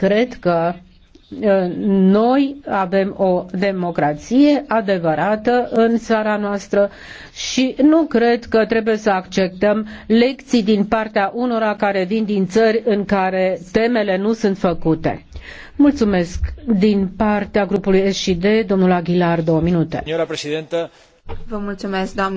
Cred că noi avem o democrație adevărată în țara noastră și nu cred că trebuie să acceptăm lecții din partea unora care vin din țări în care temele nu sunt făcute. Mulțumesc din partea grupului SD, domnul Aguilar, două minute. Vă mulțumesc, doamnă